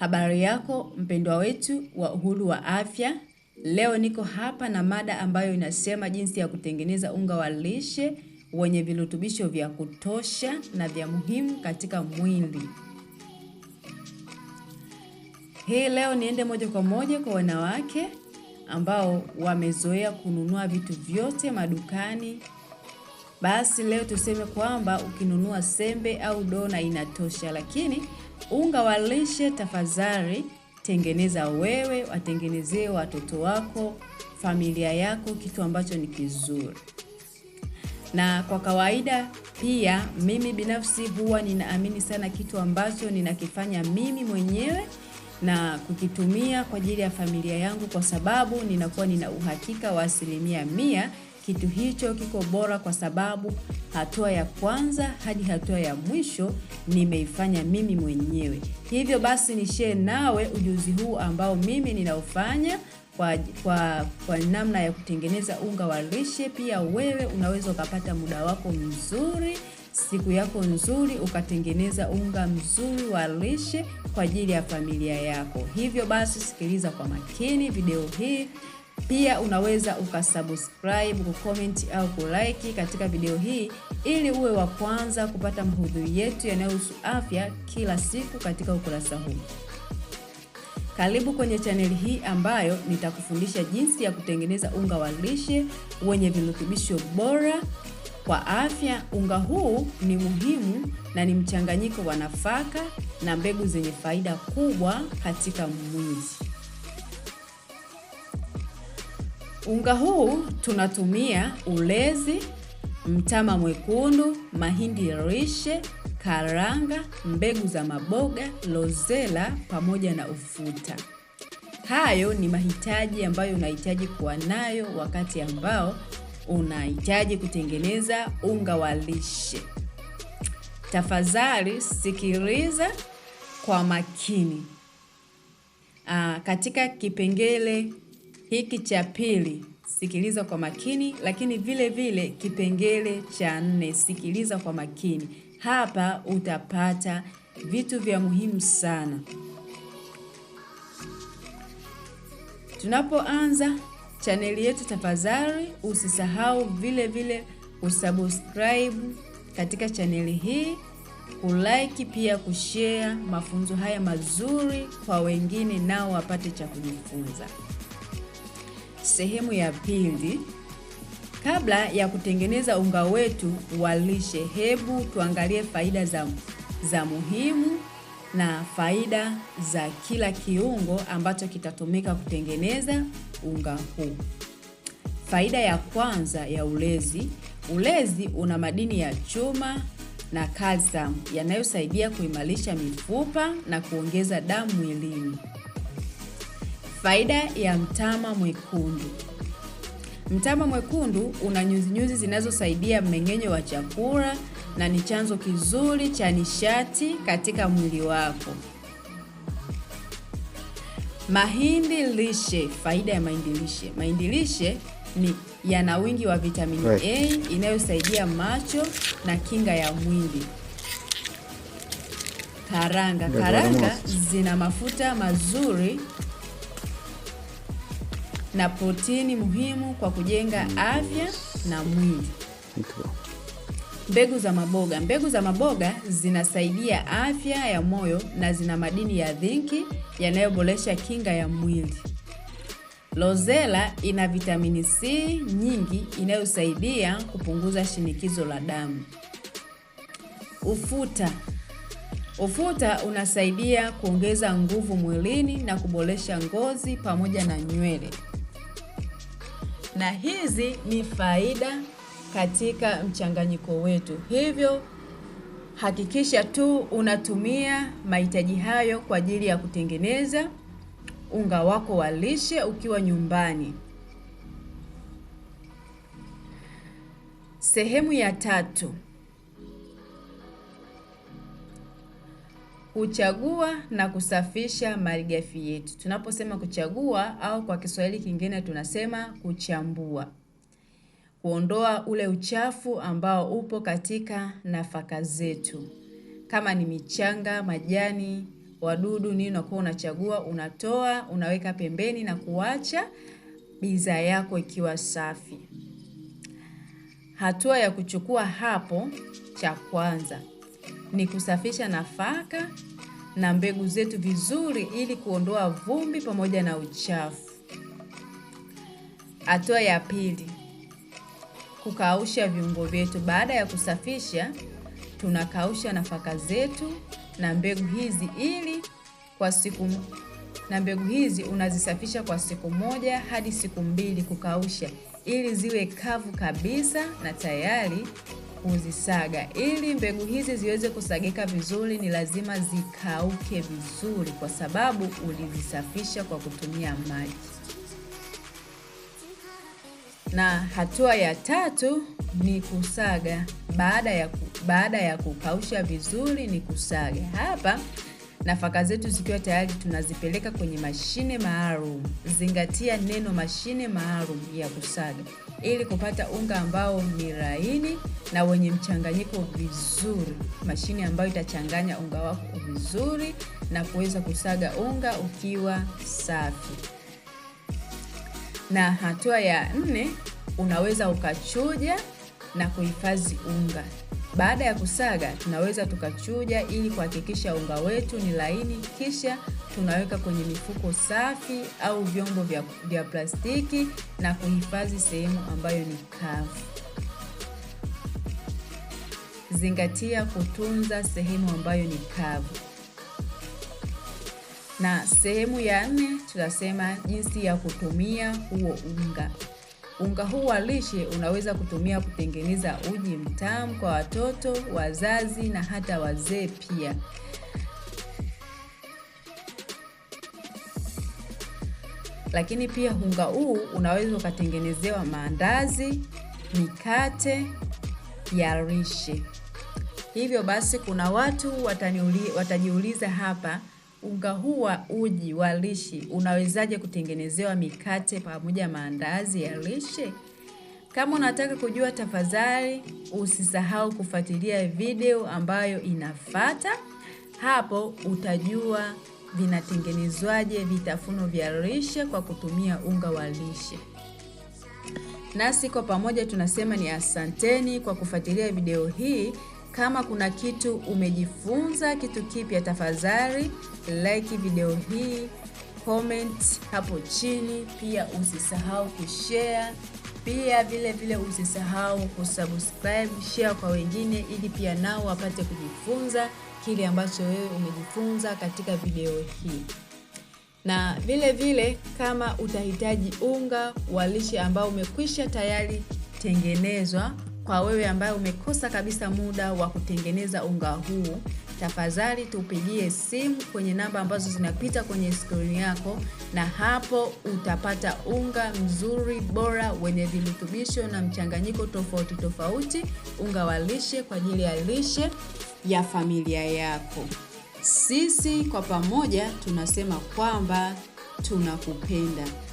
Habari yako mpendwa wetu wa Uhuru wa Afya. Leo niko hapa na mada ambayo inasema jinsi ya kutengeneza unga wa lishe wenye virutubisho vya kutosha na vya muhimu katika mwili. Hii leo niende moja kwa moja kwa wanawake ambao wamezoea kununua vitu vyote madukani. Basi leo tuseme kwamba ukinunua sembe au dona inatosha, lakini Unga wa lishe tafadhali tengeneza wewe, watengenezee watoto wako, familia yako, kitu ambacho ni kizuri. Na kwa kawaida pia mimi binafsi huwa ninaamini sana kitu ambacho ninakifanya mimi mwenyewe na kukitumia kwa ajili ya familia yangu, kwa sababu ninakuwa nina uhakika wa asilimia mia kitu hicho kiko bora kwa sababu hatua ya kwanza hadi hatua ya mwisho nimeifanya mimi mwenyewe. Hivyo basi ni share nawe ujuzi huu ambao mimi ninaofanya kwa, kwa, kwa namna ya kutengeneza unga wa lishe. Pia wewe unaweza ukapata muda wako mzuri siku yako nzuri ukatengeneza unga mzuri wa lishe kwa ajili ya familia yako. Hivyo basi sikiliza kwa makini video hii pia unaweza ukasubscribe, kucomment au kulike katika video hii ili uwe wa kwanza kupata mahudhui yetu yanayohusu afya kila siku katika ukurasa huu. Karibu kwenye chaneli hii ambayo nitakufundisha jinsi ya kutengeneza unga wa lishe wenye virutubisho bora kwa afya. Unga huu ni muhimu na ni mchanganyiko wa nafaka na mbegu zenye faida kubwa katika mwili. Unga huu tunatumia ulezi, mtama mwekundu, mahindi lishe, karanga, mbegu za maboga, lozela pamoja na ufuta. Hayo ni mahitaji ambayo unahitaji kuwa nayo wakati ambao unahitaji kutengeneza unga wa lishe. Tafadhali sikiliza kwa makini. Aa, ah, katika kipengele hiki cha pili sikiliza kwa makini, lakini vile vile kipengele cha nne sikiliza kwa makini. Hapa utapata vitu vya muhimu sana. Tunapoanza chaneli yetu, tafadhali usisahau vile vile kusubscribe katika chaneli hii, kulike pia kushare mafunzo haya mazuri kwa wengine, nao wapate cha kujifunza sehemu ya pili. Kabla ya kutengeneza unga wetu wa lishe, hebu tuangalie faida za, za muhimu na faida za kila kiungo ambacho kitatumika kutengeneza unga huu. Faida ya kwanza ya ulezi, ulezi una madini ya chuma na kalsiamu yanayosaidia kuimarisha mifupa na kuongeza damu mwilini. Faida ya mtama mwekundu. Mtama mwekundu una nyuzinyuzi zinazosaidia mmeng'enyo wa chakula na ni chanzo kizuri cha nishati katika mwili wako. Mahindi lishe. Faida ya mahindi lishe. Mahindi lishe ni yana wingi wa vitamini right, A inayosaidia macho na kinga ya mwili. Karanga. Karanga zina mafuta mazuri na protini muhimu kwa kujenga afya na mwili. Mbegu za maboga. Mbegu za maboga zinasaidia afya ya moyo na zina madini ya zinki yanayoboresha kinga ya mwili. Lozela ina vitamini C nyingi inayosaidia kupunguza shinikizo la damu. Ufuta. Ufuta unasaidia kuongeza nguvu mwilini na kuboresha ngozi pamoja na nywele na hizi ni faida katika mchanganyiko wetu, hivyo hakikisha tu unatumia mahitaji hayo kwa ajili ya kutengeneza unga wako wa lishe ukiwa nyumbani. Sehemu ya tatu. kuchagua na kusafisha malighafi yetu. Tunaposema kuchagua au kwa Kiswahili kingine tunasema kuchambua, kuondoa ule uchafu ambao upo katika nafaka zetu, kama ni michanga, majani, wadudu, nini, unakuwa unachagua, unatoa, unaweka pembeni na kuacha bidhaa yako ikiwa safi. Hatua ya kuchukua hapo, cha kwanza ni kusafisha nafaka na mbegu zetu vizuri ili kuondoa vumbi pamoja na uchafu. Hatua ya pili, kukausha viungo vyetu. Baada ya kusafisha, tunakausha nafaka zetu na mbegu hizi ili kwa siku na mbegu hizi unazisafisha kwa siku moja hadi siku mbili kukausha ili ziwe kavu kabisa na tayari kuzisaga. Ili mbegu hizi ziweze kusagika vizuri, ni lazima zikauke vizuri, kwa sababu ulizisafisha kwa kutumia maji. Na hatua ya tatu ni kusaga. Baada ya, baada ya kukausha vizuri ni kusaga. Hapa nafaka zetu zikiwa tayari tunazipeleka kwenye mashine maalum. Zingatia neno mashine maalum ya kusaga ili kupata unga ambao ni laini na wenye mchanganyiko vizuri. Mashine ambayo itachanganya unga wako vizuri na kuweza kusaga unga ukiwa safi. Na hatua ya nne, unaweza ukachuja na kuhifadhi unga. Baada ya kusaga, tunaweza tukachuja ili kuhakikisha unga wetu ni laini, kisha tunaweka kwenye mifuko safi au vyombo vya, vya plastiki na kuhifadhi sehemu ambayo ni kavu. Zingatia kutunza sehemu ambayo ni kavu. Na sehemu ya nne tunasema jinsi ya kutumia huo unga. Unga huu wa lishe unaweza kutumia kutengeneza uji mtamu kwa watoto, wazazi na hata wazee pia. Lakini pia unga huu unaweza ukatengenezewa maandazi, mikate ya lishe. Hivyo basi kuna watu watajiuliza hapa unga huu wa uji wa lishe unawezaje kutengenezewa mikate pamoja maandazi ya lishe? Kama unataka kujua, tafadhali usisahau kufuatilia video ambayo inafata. Hapo utajua vinatengenezwaje vitafuno vya lishe kwa kutumia unga wa lishe. Nasi kwa pamoja tunasema ni asanteni kwa kufuatilia video hii. Kama kuna kitu umejifunza kitu kipya, tafadhali like video hii, comment hapo chini, pia usisahau kushare, pia vile vile usisahau kusubscribe, share kwa wengine, ili pia nao wapate kujifunza kile ambacho wewe umejifunza katika video hii na vile vile kama utahitaji unga wa lishe ambao umekwisha tayari tengenezwa kwa wewe ambaye umekosa kabisa muda wa kutengeneza unga huu, tafadhali tupigie simu kwenye namba ambazo zinapita kwenye skrini yako, na hapo utapata unga mzuri bora wenye virutubisho na mchanganyiko tofauti tofauti, unga wa lishe kwa ajili ya lishe ya familia yako. Sisi kwa pamoja tunasema kwamba tunakupenda.